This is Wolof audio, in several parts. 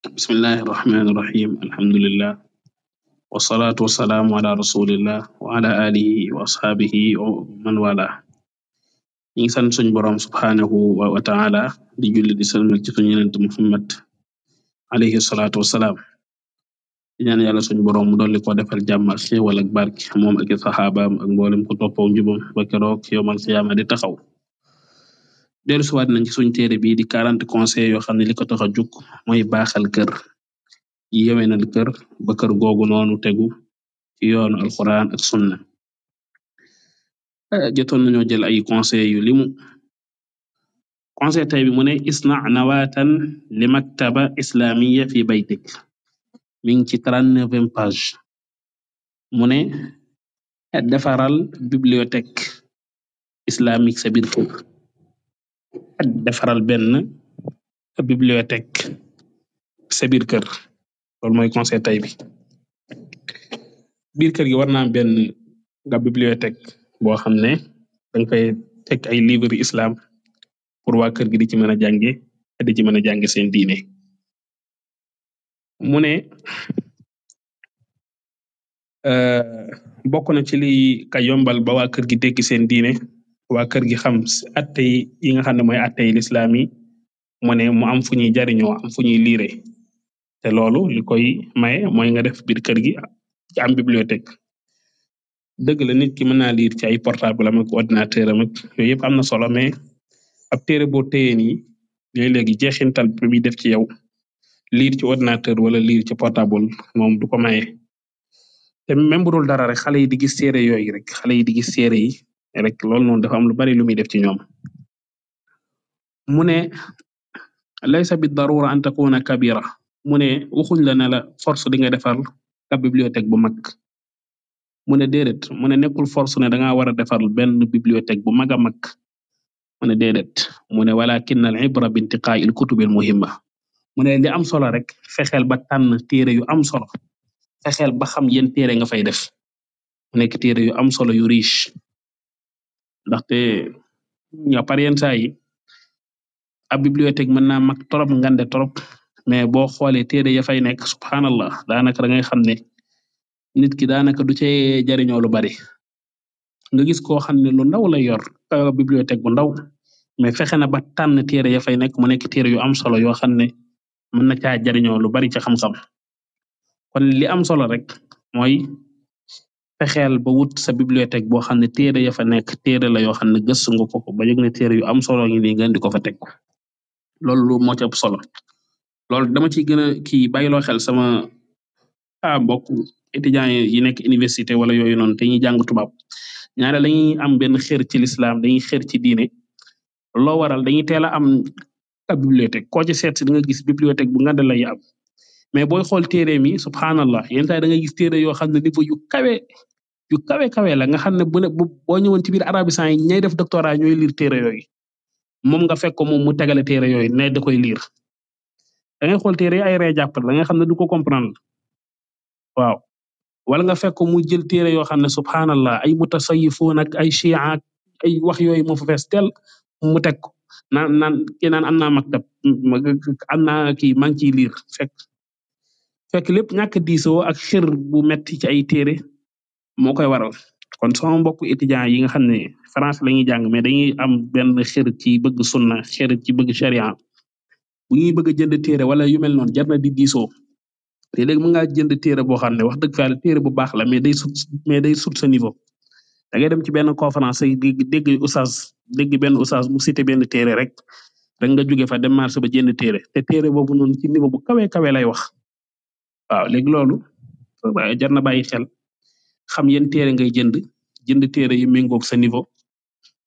Bismillahi irrahmani irrahim alhamdulilah wasalaatu wasalaamu ala rasulillah wa ala alihi wa asxaabihi wa man wala ñi ngi sant suñ boroom subxaanahu wa taala di julli di salmal ci suñu yenent Muhammad alayhi salaatu wasalaam di ñaan yàlla suñ boroom mu dolli ko defal jàmm ak xéewal ak barke moom ak i saxaabaam ak mboolem ko toppoo njubam ba keroog dellu suwaat nañ ci suñu téere bii di 40 conseils yoo xam ne li ko tax a jug mooy baaxal kër yewenal kër ba kër googu noonu tegu ci yoonu alxuraan ak sunna eh, jotoon nañoo jël ay conseil yu limu conseil tay bi mu ne isna nawaatan li maktaba islamiya fi baytik mi ngi ci 39e page mu ne eh, defaral bibliothèque islamique sa biir kër defaral benn bibliotek sa biir kër lool mooy konsey tay bi biir kër gi warnaam benn nga bibliotek boo xamne dan fay tek ay livre islam pour waa kër gi di ci mëna jànge te di ci mëna jànge seen diine mu ne euh, bokk na ci li ka yombal ba waa kër gi dégg seen diine. waa kër gi xam atte yi nga xam ne mooy atte yi lislaam yi mu ne mu am fu ñuy jariñoo am fu ñuy liire te loolu li koy maye mooy nga def biir kër gi ci am bibliothèque dëgg la nit ki mën naa liir ci ay portable am ak ordinateur am ak yooyu yëpp am na solo mais ab téere bo téye nii yooyu léegi jeexintal bi def ci yow liir ci ordinateur wala liir ci portable moom du ko maye te même bu dul dara rek xale yi di gis séere yooyu rek xale yi di gis séere yi rek loolu noonu dafa lu bari lu def ci ñoom mu ne laysa bi darura an takuna kabira mu ne waxuñ la ne la force di nga defar ab bibliothèque bu mag mu ne déedéet mu ne nekkul force ne danga war a defar benn bibliothèque bu mag a mag mu ne déedéet mu ne walakin al ibra bi intiqaai al kutub al muhimma mu ne li am solo rek fexeel ba tànn téere yu am solo fexeel ba xam yéen téere nga fay def mu nekk téere yu am solo yu riche ndaxte a par yenn saa yi ab bibliothèque mën naa mag torop ngande trop mais boo xoolee téere ya fay nekk subhanallah daanaka da ngay xam ne nit ki daanaka du cee jariñoo lu bari nga gis koo xam ne lu ndaw la yor euh, bibliothèque bu ndaw mais fexe na ba tànn téere ya fay nekk mu nekk téere yu am solo yoo xam ne mën na caa jariñoo lu bari ci xam kon li am solo rek mooy. fexeel ba wut sa bibliothèque boo xam ne téere ya fa nekk téere la yoo xam ne gëstu nga ko ba yëg ne téere yu am solo ngi nii nga ko fa teg moo ci solo loolu dama ci gën a kii bàyyiloo xel sama a ah, mbokk étudiants yi nekk université wala yooyu noonu te ñuy jàng tubaab ñaare lañuy am benn xeer ci lislaam dañuy xeer ci diine loo waral dañuy teel a am ab bibliothèque koo ci seet si da nga gis bibliothèque bu nga da lay am mais booy xool téere mi subhanallah yenn saa da gis téere yoo xam ne niveau yu kawe yu kawe kawe la nga xam ne bo ne bu boo ñëwoon ci biir Arabie Saoudite yi ñay def doctorat ñooy liir téere yooyu moom nga fekk ko moom mu tegale téere yooyu ne da koy liir da ngay xool téere ay ree jàppal da nga xam ne du ko comprendre waaw wala nga fekk ko mu jël téere yoo xam ne subhanallah ay mutasayifoon ak ay chia ak ay wax yooyu moo fa tel mu teg ko naan naan kii naan am naa maktab am naa kii maa ngi ciy liir fekk fekk lépp ñàkk ak bu met ci ay téere moo koy waral kon sama mbokk étudiants yi nga xam ne français la ñuy jàng mais dañuy am benn xër ci bëgg sunna xër ci bëgg sharia bu ñuy bëgg a jënd téere wala yu mel noonu jar na di diisoo te léegi mën ngaa jënd téere boo xam ne wax dëgg fa yàlla téere bu baax la mais day sut mais day sut sa niveau da ngay dem ci benn conférence yi di dégg oustaz dégg benn oustaz mu cité benn téere rek rek nga juge fa dem marché ba jënd téere te téere boobu noonu ci niveau bu kawe kawe lay wax waaw léegi loolu jar na bàyyi xel. xam yan téere ngay jënd jënd téere yi méngoog sa niveau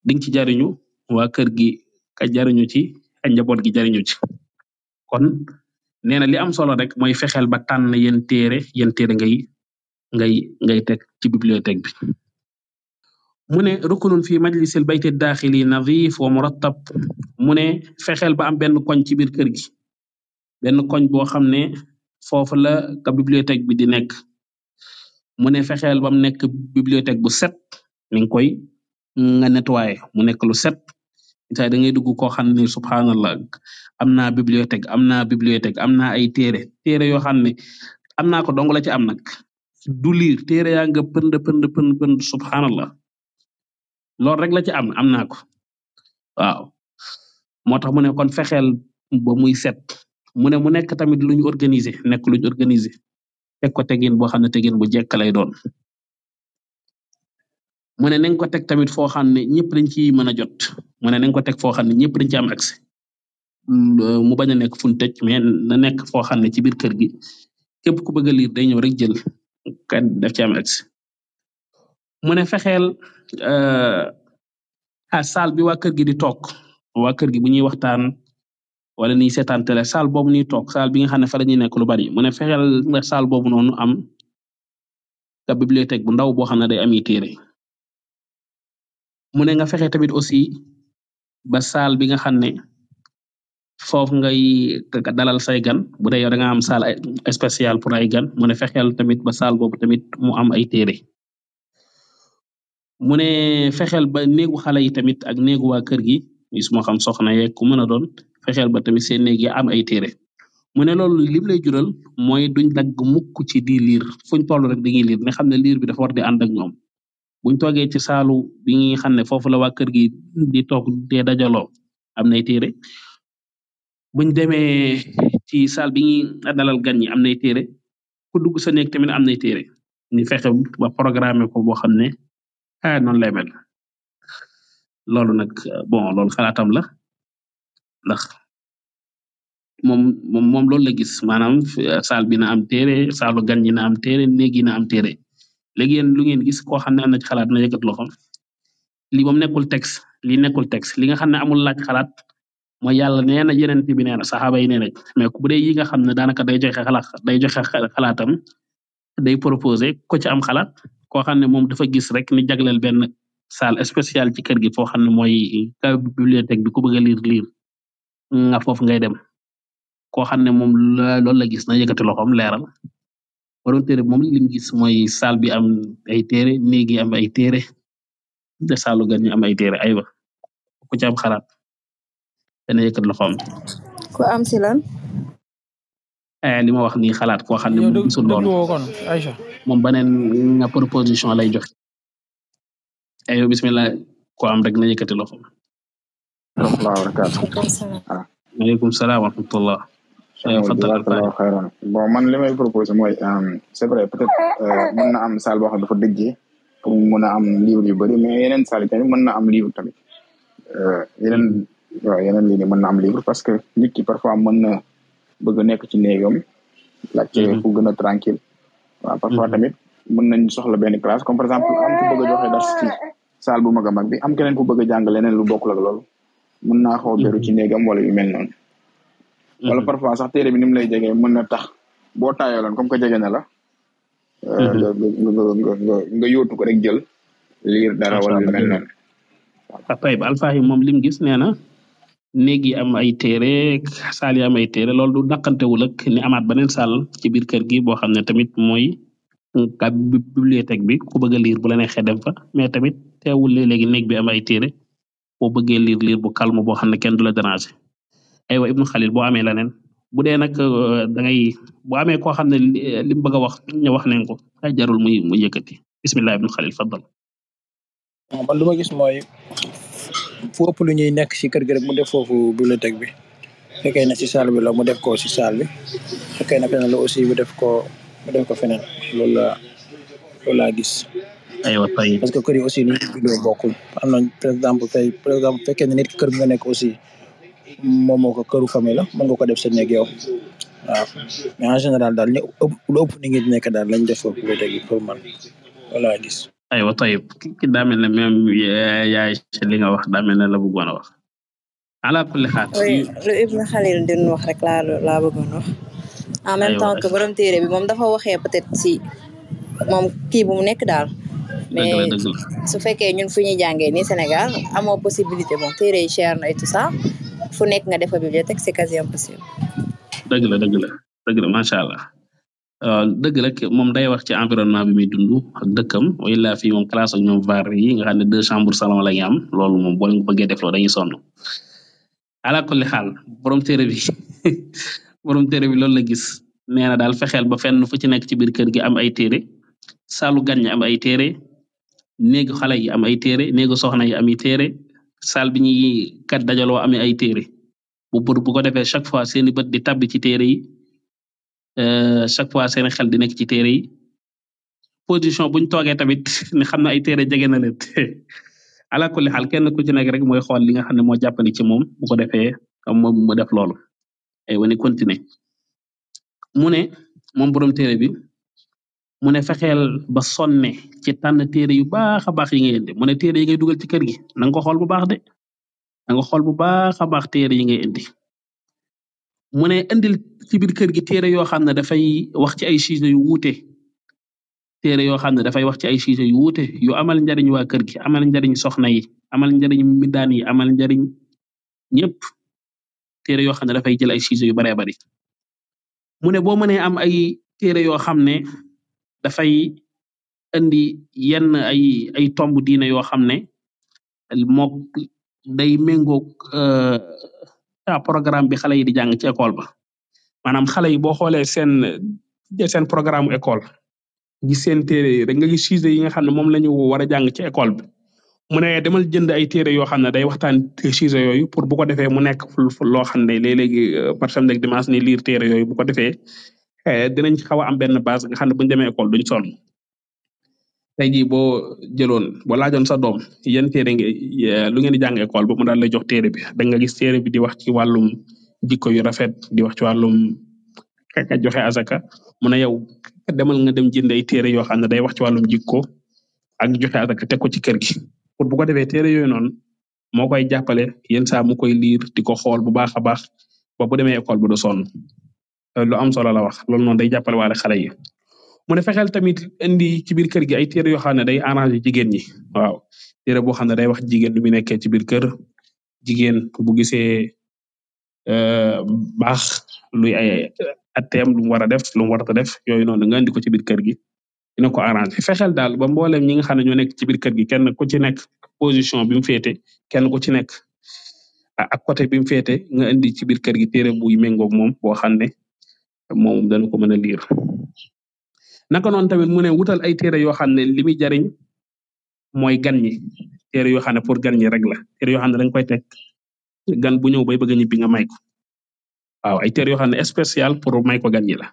di ci jariñu waa kër gi ka jariñu ci ak njaboot gi jariñu ci kon nee na li am solo rek mooy fexeel ba tànn yan téere yan téere ngay ngay ngay teg ci bibliothèque bi mu ne rukunun fi majlisil bayti daaxili nadif wa murattab mu ne fexeel ba am benn koñ ci biir kër gi benn koñ boo xam ne foofu la ka bibliothèque bi di nekk mu ne fexeel bam nekk bibliothèque bu set ni nga koy nga nettoyé mu nekk lu set itaay da ngay dugg koo xam ne subhanallah am naa bibliothèque am naa bibliothèque am naa ay téere téere yoo xam ne am naa ko dong la ci am nag du liir téere yaa nga pënd pënd pënd pënd subhanallah loolu rek la ci am am naa ko waaw moo tax mu ne kon fexeel ba muy set mu ne mu nekk tamit luñu organiser nekk luñu organiser teg ko tegin boo xam ne tegin bu jekk lay doon mu ne nañ ko teg tamit foo xam ne ñëpp dañ ci mën a jot mu ne nañ ko teg foo xam ne ñëpp dañ ci am accès mu bañ a nekk fu ñu tëj mais na nekk foo xam ne ci biir kër gi képp ku bëgg a liir day ñëw rek jël daf ci am accès mu ne euh, bi waa kër di toog waa kër gi bu wala ni seetaan télé saal boobu ni toog saal bi nga ne fa la ñuy nekk lu bari mu ne fexeel nga saal noonu am nga bu ndaw boo xam ne day am i téere mu ne nga fexe tamit aussi ba saal bi nga xam ne foofu ngay dalal say gan bu dee da nga am saal spécial pour ay gan mu ne fexeel tamit ba saal boobu tamit mu am ay téere mu ne fexeel ba néegu xale yi tamit ak néegu waa kër gi su ma xam soxna ye ku mën a doon fexeel ba tamit seen néeg am ay téere mu ne loolu lim lay jural mooy duñ dagg mukk ci di liir fuñ toll rek dañuy liir ne xam ne liir bi dafa war di ànd ak ñoom buñ toogee ci saalu bi nga xam ne foofu la waa kër gi di toog dee dajaloo am nay téere buñ demee ci saal bi ñuy dalal gan ñi am nay téere ku dugg sa néeg tamit am na nay téere ni fexe ba programme ko boo xam ne ah noonu lay mel loolu nag bon loolu xalaatam la ndax moom moom moom loolu la gis maanaam eh, saal bi am téere saalu gan ñi am téere néeg yi am téere léegi yéen lu ngeen gis koo xam ne am na ci xalaat na yëkkat loxo lii moom nekkul texte lii nekkul texte li nga xam ne amul laaj xalaat mooy yàlla nee na yeneen bi nee na yi nee na mais ku bu dee yi nga xam ne daanaka day joxe xalaat day joxe xalaatam day proposé ko ci am xalaat koo xam ne moom dafa gis rek ni jagleel benn salle spéciale ci kër gi foo xam ne mooy kaw euh, bibliothèque bi ku bëgg a liir nga foofu ngay dem koo xam ne moom loolu la gis na yëkkati loxoom leeral borom téere moom lim gis mooy sal bi am ay téere néeg yi am ay téere de saalu gan ñu am ay téere aywa ku ci am xalaat dana yëkkati loxoom. ku am si lan. Eh, li ma wax nii xalaat koo xam ne mom gisul loolu moom beneen lay jox aywa eh, bismillah ko am rek na yëkkati warahmatullahi wabarakatu aleykum ah. salaam wa rahmatullah man li may proposé mooy euh, c'est vrai peut être euh, mën na am salle boo dafa dëjjee pour mën a am livre yu bëri mais yeneen salle tamit mën na am livre tamit euh, yeneen waaw yeneen lii ni mën na am livre parce que nit ki parfois mën na bëgg nekk ci néegam laajte mhm. fu gën a tranquille waaw parfois mhm. tamit mën nañ soxla benn classe comme par exemple am ku bëgg a joxe dars ci salle bu mag mag bi am keneen ku bëgg a jàng leneen lu bokkul ak loolu mën naa xaw beru ci mhm. néegam wala yu mel noonu mhm. wala parfois sax téere bi ni lay jegee mën na tax boo taayaloon comme que jege na la euh, mhm. nga nga nga ko rek jël liir dara wala yu mel noonu waaw ah, tayib alfaahi lim gis nee na néeg am ay téere saal yi am ay téere loolu du naqantewul ak ni amaat beneen saal ci biir kër gi boo xam ne tamit mooy ka bibliothèque bi ku bëgg a liir bu la neexee dem fa mais tamit teewul léeg-léegi néeg bi am ay téere boo bëggee liir liir bu calme boo xam ne kenn du la déranger Ibnu Xalil boo amee leneen bu dee nag euh, da ngay koo xam ne li mu bëgg a wax ñu wax nañ ko ay jarul muy muy yëkkati bismillah Ibnu Xalil faddal. man lu ma gis mooy fu ëpp lu ñuy nekk ci kër gi rek mu def foofu bibliothèque bi fekkee na ci salle la mu def ko ci salle bi fekkee na feneen la aussi mu def ko mu def ko gis. aywa tey parce que kër yi aussi ñu bindoo bokkul am nañ par exemple par exemple fekkee ne nit kër bi nga nekk aussi moom moo ko këru famille la mën nga ko def sa néeg yow waaw mais en général daal ñu ëpp lu ëpp nekk daal lañ def foofu léegi pour man voilà gis. aywa ki daa mel ne même yaay li nga wax daa mel ne la bëggoon a wax. ala kulli xaal. oui lu Ibn Khalil di wax rek laa laa wax. en même temps que borom téere dafa waxee peut si moom ki bu mu nekk daal. mais su fekkee ñun fu ñuy jàngee nii Sénégal amoo possibilité bon téere yi cher na et tout fu nekk nga defa bibliothèque c'est quasi impossible. dëgg la dëgg la dëgg la macha allah euh, dëgg la moom day wax ci environnement bi muy dund ak dëkkam wala fii moom classe ak ñoom var yi nga xam ne deux chambres salon la ñu am loolu moom boo leen ko bëggee def loolu dañuy sonn ala xaal borom téere bi borom téere bi loolu la gis nee na daal fexeel ba fenn fu ci nekk ci biir kër gi am ay téere. saalu gan ñi am ay téere neegu xale yi am ay téere neegu soxna yi ami téere saal bi ñuy kat dajaloo ame ay téere bu bur bu ko defee chaque fois seeni bët di tabbi ci téere yi euh, chaque fois seeni xel di nekk ci téere yi position buñ toogee tamit ne xam na ay téere jege na leen ala kulli xaal kenn ku ci nekk rek mooy xool li nga xam ne moo jàppandi ci moom bu ko defee am moom mu def loolu ay mu ne ba sonne ci tànn téere yu baax a baax yi ngay indi mu ne téere yi ngay dugal ci kër gi na ko xool bu baax de na nga xool bu baax a baax téere yi ngay indi mu ne indil ci biir kër gi téere yoo xam ne dafay wax ci ay sujet yu wuute téere yoo xam ne dafay wax ci ay sujet yu wuute yu amal njariñ waa kër gi amal njariñ soxna yi amal njariñ mbindaan yi amal njariñ ñëpp téere yoo xam ne dafay jël ay sujet yu baree bari mu ne am ay téere yoo xam ne dafay indi yenn ay ay tomb diina yoo xam ne mook day méngook euh ah, programme bi xale yi di jàng ci école ba maanaam xale yi boo xoolee seen seen programme école gis seen téere rek nga gi sujet yi nga xam ne moom lañu war a jàng ci école bi mu ne demal jënd ay téere yoo xam ne day waxtaan sujet yooyu pour bu ko defee mu nekk loo xam ne léeg-léegi euh, par samedi ak dimanche ni liir téere yooyu bu ko defee Eh, dinañ xaw a am benn base nga xam ne bu ñu demee école duñ sonn tey jii boo jëloon boo laajoon sa doom yan téere nga eh, lu ngeen di jàng école ba mu daal lay jox téere bi da nga gis téere bi di wax ci wàllum jikko yu rafet di wax ci wàllum kaka joxe asaka mu ne yow demal nga dem jënd ay téere yoo xam ne day wax ci wàllum jikko ak joxe asaka teg ko ci kër gi pour bu ko defee téere yooyu noonu moo koy jàppale yenn saa mu koy liir di ko xool bu baax a baax ba bu demee école bi do sonn Euh, lu am solo la wax loolu noonu day jàppale waale xale yi mu ne fexeel tamit indi ci biir kër gi ay téere yoo xam ne day arrangé jigéen ñi waaw téere boo xam ne day wax jigéen lu mu nekkee ci biir kër jigéen bu gisee euh, baax luy ay atteem lu mu war a def lu mu war a def yooyu noonu nga indi ko ci biir kër gi dina ko arrangé fexeel daal ba mboolem ñi nga xam ne ñoo nekk ci biir kër gi kenn ku ci nekk position bi mu féete kenn ku ci nekk ak côté bi mu féete nga indi ci biir kër gi téere buy méngoog moom boo xam ne moom dana ko mën a liir naka noonu tamit mu ne wutal ay téere yoo xam ne li muy jariñ mooy gan ñi téere yoo xam ne pour gan ñi rek la téere yoo xam ne danga koy teg gan bu ñëw bay bëgg a ñibbi nga may ko waaw ay téere yoo xam ne spécial pour may ko gan ñi la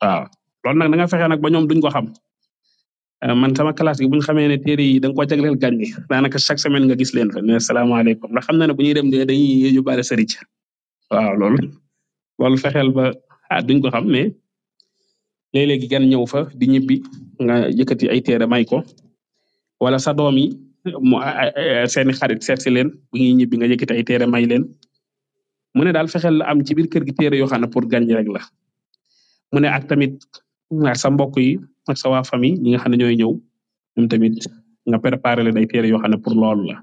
waaw loolu nag da nga fexe nag ba ñoom duñ ko xam euh, man sama classe gi bu ñu xamee ne téere yi da nga ko jagleel gan ñi daanaka chaque semaine nga gis leen fa ne salaamaaleykum ndax xam na ne bu ñuy dem de dañuy yóbbaale sëriñ waaw loolu loolu fexeel ba a ah, duñ ko xam mais léeg-léegi gan ñëw fa di ñibbi nga yëkkati ay téere may ko wala sa doom yi mu seeni xarit seet si leen bu ñuy ñibbi nga yëkkati ay téere may leen mu ne daal fexel la am ci biir kër gi téere yoo xam ne pour gan ñi rek la mu ne ak tamit sa mbokk yi ak sa waa famille ñi nga xam ne ñooy ñëw ñoom tamit nga préparer leen ay téere yoo xam ne pour loolu la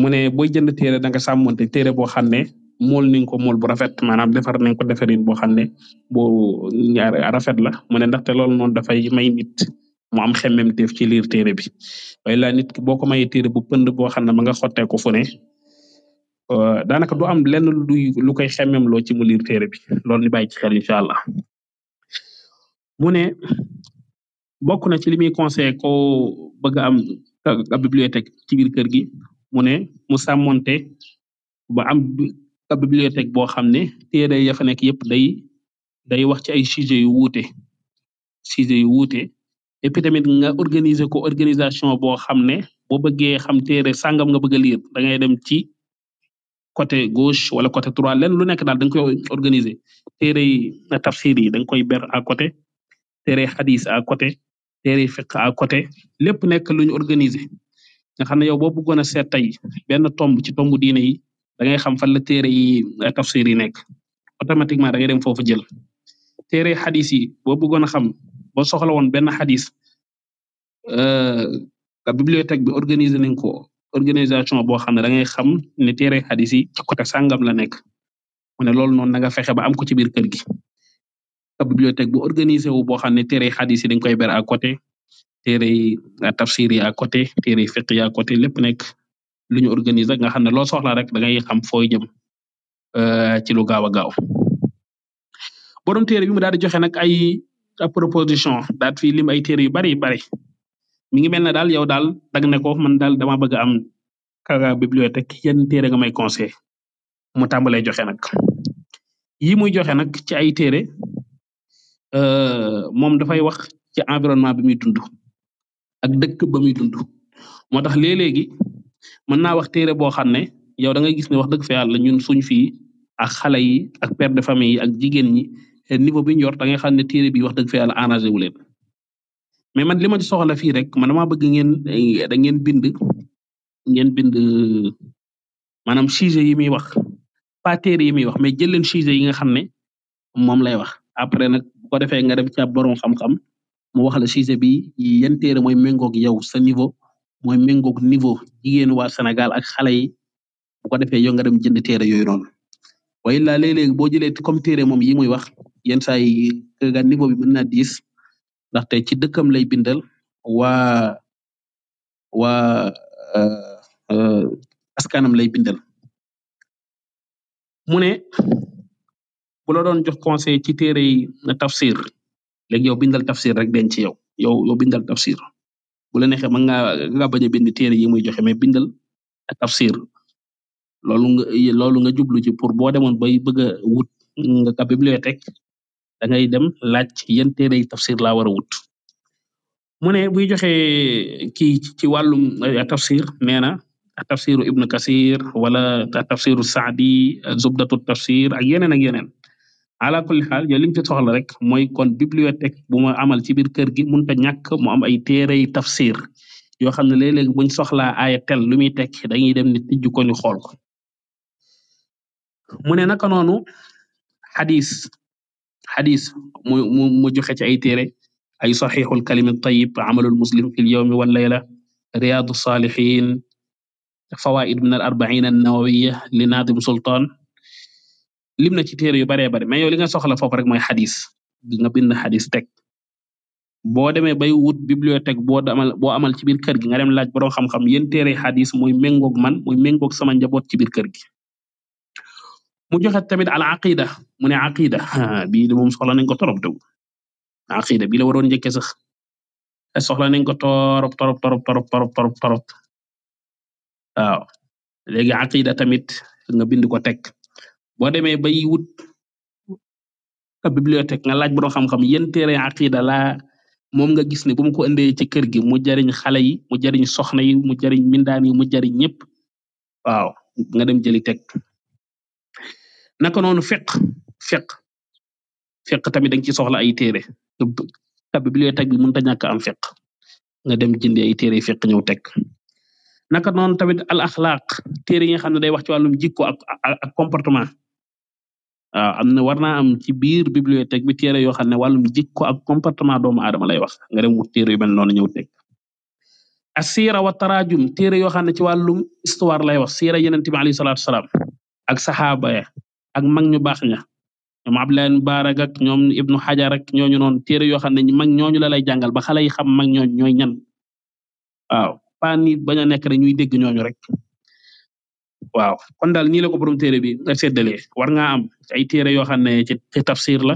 mu ne booy jënd téere da nga sàmmante téere boo xam ne mool nañ ko mool bu rafet maanaam defar nañ ko defarin boo xam ne boo rafet la mu ne ndaxte loolu noonu dafay may nit mu am xemmemteef ci liir téere bi waaye nit ki boo ko mayee téere bu pënd boo xam ne ma nga xottee ko fu euh, daanaka du am lenn luy lu koy xemmemloo ci mu liir téere bi loolu ni bàyyi ci xel incha allah mu ne bokk na ci li muy conseillé ko bëgg am ab bibliothèque ci biir kër gi mu ne mu sàmmonte ba am ab bibliothèque boo xam ne téere ya fa nekk yépp day day wax ci ay sujet yu wuute sujet yu wuute et tamit nga organiser ko organisation boo xam ne boo bëggee xam téere sangam nga bëgg a lire da ngay dem ci côté gauche wala côté trois len lu nekk daal da nga organiser téere yi na yi da nga koy ber a côté téere xadis à côté téere fiq à côté lépp nekk lu ñu organiser nga xam ne yow boo bëggoon a tey benn tomb ci tomb diine da ngay xam fan la téere yi tafsir yi nekk automatiquement da ngay dem foofu jël téere xadis yi boo bëggoon a xam boo soxla woon benn xadis la euh, bibliothèque bi organiser nañ ko organisation boo xam ne da ngay xam ne téere xadis côté sàngam la nekk mu ne loolu noonu na fexe ba am ko ci biir kër gi la bibliothèque bu organisé wu boo xam ne téere xadis yi dañ koy ber à côté téere tafsir yi à côté téere fiqh yi à côté lépp nekk lu ñu organiser nga xam ne loo soxla rek da ngay xam fooy jëm euh, ci lu gaaw a gaaw borom téere bi mu daal di joxe nag ay proposition daal fi lim ay téere yu bari bari mi ngi mel ne daal yow daal dag ne ko man daal dama bëgg a am kaga bibliothèque yenn téere nga may conseil mu tàmbalee joxe nag yi muy joxe nag ci ay téere euh, moom dafay wax ci environnement bi muy dund ak dëkk ba muy dund moo tax léeg mën naa wax téere boo xam ne yow da ngay gis ne wax dëgg fa yàlla ñun suñ fii ak xale yi ak père de famille yi ak jigéen ñi eh, niveau bi ñu yor da ngay xam ne téere bi wax dëgg fa yàlla arrangé wu leen mais man li ma ci soxla fii rek man damaa bëgg ngeen eh, da ngeen bind ngeen bind maanaam sujet yi muy wax pas téere yi muy wax mais jël leen sujet yi nga xam ne moom lay wax après nag bu ko defee nga dem ci ab borom xam-xam mu wax la sujet bi yan téere mooy méngoog yow sa niveau mooy méngoog niveau jigéenu waa Sénégal ak xale yi bu ko defee yow nga dem jënd téere yooyu noonu waaye laa léeg-léeg boo jëlee comme téere moom yi muy wax yenn saa yi niveau bi mën naa diis ndaxte ci dëkkam lay bindal waa euh, euh, askanam lay bindal mu ne la doon jox conseil ci téere yi na tafsir léegi yow bindal tafsir rek den ci yow yow bindal tafsir bu la neexee mën ngaa nga bañ a bind téere yi muy joxe mais bindal ak tafsir loolu nga loolu nga jublu ci pour boo demoon bay bëgg wut nga ka bibliothèque da ngay dem laaj yan téere yi tafsir laa war a wut. mu ne buy joxe kii ci wàllum euh, tafsir nee na tafsiru Ibn Kasir wala tafsiru Saadi zubdatu tafsir ak yeneen ak yeneen. ala kulli xaal yow li nga ci soxla rek mooy kon bibliothèque bu ma amal ci biir kër gi mun a ñàkk mu am ay téere yi tafsir yoo xam ne léeg-léeg buñ soxlaa aaya tel lu muy tekki dañuy dem ni tijj ko ñu xool mu ne naka noonu xadis xadis mu mu mu joxe ci ay téere ay saxiixul kalimi tayyib amalul muslim fil yawmi wal layla riyaadu saalixiin fawaid min al arbain an nawawiya li naadim sultaan lim na ci téere yu baree bari mais yow li nga soxla foofu rek mooy xadis nga bind xadis teg boo demee bay wut bibliothèque boo amal boo amal ci biir kër gi nga dem laaj borom xam-xam yéen téere xadis muy méngoog man muy méngoog sama njaboot ci biir kër gi. mu joxe tamit al aqida mu ne aqida bii de moom soxla nañ ko torop dëgg aqida bii la waroon sax soxla nañ ko torop torop torop torop torop torop torop waaw léegi aqida tamit nga bind ko teg. boo demee bay wut ab bibliothèque nga laaj borom xam-xam yén téere aqida laa moom nga gis ne bu mu ko indee ci kër gi mu jariñ xale yi mu jariñ soxna yi mu jariñ mindaan yi mu jariñ ñëpp waaw nga dem jëli teg naka noonu fiq fiq fiq tamit danga ci soxla ay téere ab bibliothèque bi mënta ñàkk am fiq nga dem jëndi ay téere fiq ñëw teg naka noonu tamit al axlaaq téere yi nga xam ne day wax ci wàllum jikko ak ak comportement Euh, am na war naa am ci biir bibliothèque bi téere yoo xam ne wàllum ko ak comportement doomu aadama lay wax nga dem wut téere yu mel noonu ñëw teg asiira wa tarajum téere yoo xam ne ci wàllum histoire lay wax siira yenente bi alayhi salaatu wasalaam ak saxaaba ya ak mag ñu baax ña ñoom Abdullah Mubarak ak ñoom Ibnu Hajar ak ñooñu noonu téere yoo xam ne mag ñooñu la lay jàngal ba xale yi xam mag ñooñu ñooy ñan waaw paa nit bañ a nekk rek ñuy dégg ñooñu rek waaw kon daal ñii la ko borom téere bi seddalee war ngaa am ay téere yoo xam ne ci ci tafsir la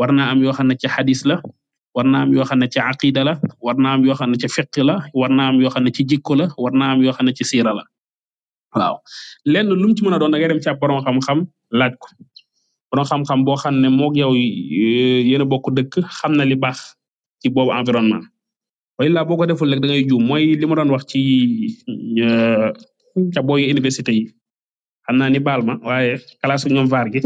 war naa am yoo xam ne ci xadis la war naa am yoo xam ne ci aqida la war naa am yoo xam ne ci fiq la war naa am yoo xam ne ci jikko la war naa am yoo xam ne ci siira la waaw lenn lu mu ci mën a doon da ngay dem ci ab xam-xam laaj ko borom xam-xam boo xam ne moog yow yéen bokk dëkk xam na li baax ci boobu environnement way laa boo ko deful rek da ngay juum mooy li doon wax ci euh, Mm. ca booyu université yi xam naa ni baal ma waaye kalaasu ñoom vaar gi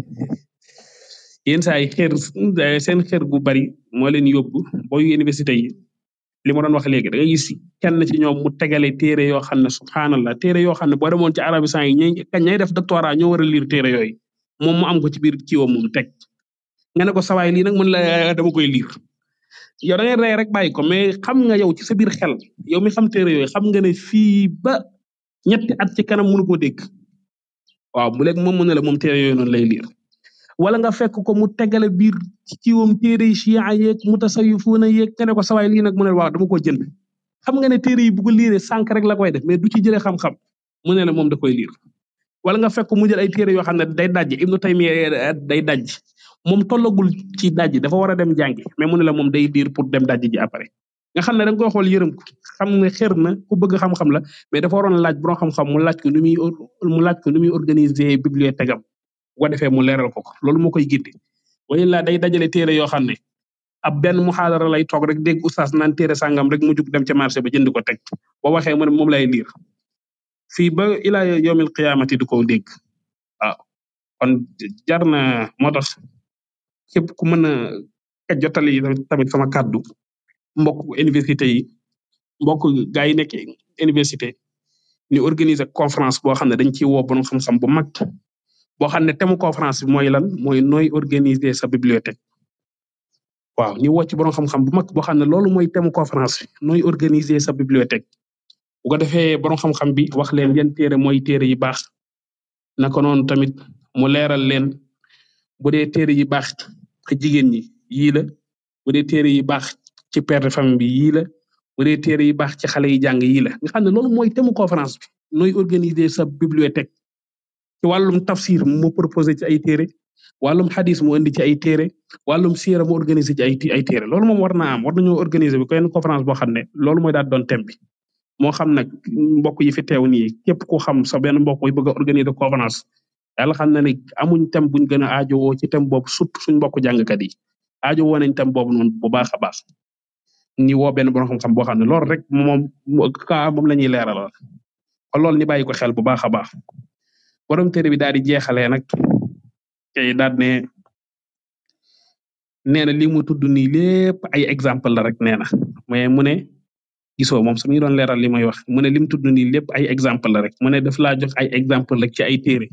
yenn saa yi eh, seen xeer gu bari moo leen yóbbu booyu université yi li ma doon wax léegi da nga gis kenn ci ñoom mu tegale téere yoo xam ne subhaanallah téere yoo xam ne boo demoon ci arabistan yi ñay ñay def doctorat ñoo war a liir téere yooyu moom mu am ko ci biir kiiwam moom teg nga ne ko sawaay lii nag la eh, dama ko mais xam nga yow ci sa xel yow mi xam téere yooyu xam nga ne fii ba ñetti at ci kanam mënu ko dégg waaw mu léegi moom mu ne la moom téere yooyu noonu lay liir wala nga fekk ko mu tegale biir ci ciwam téere yi chia yeeg mutasawifuuna yeeg nga ne ko sawaay lii nag mu ne wax dama ko jënd xam nga ne téere yi bu ko liiree sànq rek la koy def mais du ci jëlee xam-xam mu ne la moom da koy liir wala nga fekk mu jël ay téere yoo xam ne day dajj ibnu taymiya eh, day dajj moom tollagul ci dajj dafa war a dem jàngi mais mu ne la moom day liir pour dem dajj ji après nga ne da nga xool yërëm ko xam ne xër na ku bëgg xam-xam la mais dafa waroon laaj borom xam mu laaj ko nu muy mu laaj ko nu muy organiser bibliothèque am bu ko defee mu leeral ko ko loolu moo koy gindi wala laa day dajale téere yoo xam ne ab benn muxaadara lay toog rek dégg oustaz naan téere sàngam rek mu jug dem ca marché ba jënd ko teg boo waxee mu ne moom lay liir fii ba ilaa yawmil qiyaamati du ko dégg waaw kon jar na moo tax képp ku mën a jotali tamit sama kàddu mbokk université yi mbokk gaa yi nekk université ñu organiser conférence boo xam ne dañ ciy woo borom xam-xam bu mag boo xam ne thème conférence bi mooy lan mooy nooy organiser sa bibliothèque waaw ñu woo ci borom xam-xam bu mag boo xam ne loolu mooy thème conférence nooy organiser sa bibliothèque bu ko defee borom xam-xam bi wax leen yan téere mooy téere yi baax naka noonu tamit mu leeral leen bu de téere yi baax ci jigéen ñi yii la bu dee téere yi baax ci père de famille bi yii la bu dee téere baax ci xale yi jàng yii la nga xam ne loolu mooy temu conférence bi nooy organiser sa bibliothèque ci wàllum tafsir mu proposé ci ay téere wàllum xadis mu indi ci ay téere wàllum siira mu organiser ci ay ay téere loolu moom war naa am war nañoo organiser bi koy boo xam ne lool mooy daal don thème bi moo xam nag mbokk yi fi teew nii képp ku xam sa benn mbokk yi bëgg a organiser yàlla xam na ne amuñ tem buñ gën a aajowoo ci thème boobu surtout suñ mbokk jàngkat yi aajo woo nañ thème boobu bo baax a baax ñi woo benn borom xam-xam boo xam ne loolu rek moom ka moom la ñuy leeralal kon loolu ñu bàyyi ko xel bu baax a baax borom téere bi daal di jeexalee nag tey daal ne nee na li mu tudd nii lépp ay exemple la rek nee na mais mu ne gisoo moom su doon leeral li may wax mu ne li mu tudd nii lépp ay exemple la rek mu ne daf laa jox ay exemple rek ci ay téere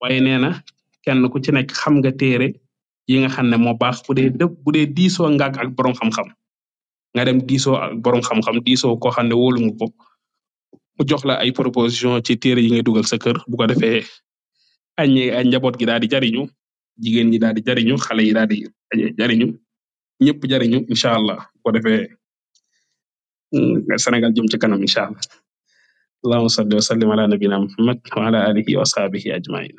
waaye nee na kenn ku ci nekk xam nga téere yi nga xam ne moo baax bu dee dëpp bu dee diisoo ngàkk ak borom xam-xam. nga dem diisoo ak borom xam-xam diisoo koo xam ne wóolu nga ko mu jox la ay proposition ci téere yi ngay dugal sa kër bu ko defee a ay njaboot gi daal di jariñu jigéen ñi daal di jariñu xale yi daal di jariñu ñëpp jariñu incha allah bu ko defee mm, Sénégal jëm ci kanam incha allah allahumma salli wa sallim ala nabina muhammad wa ala alihi wa sahbihi ajmain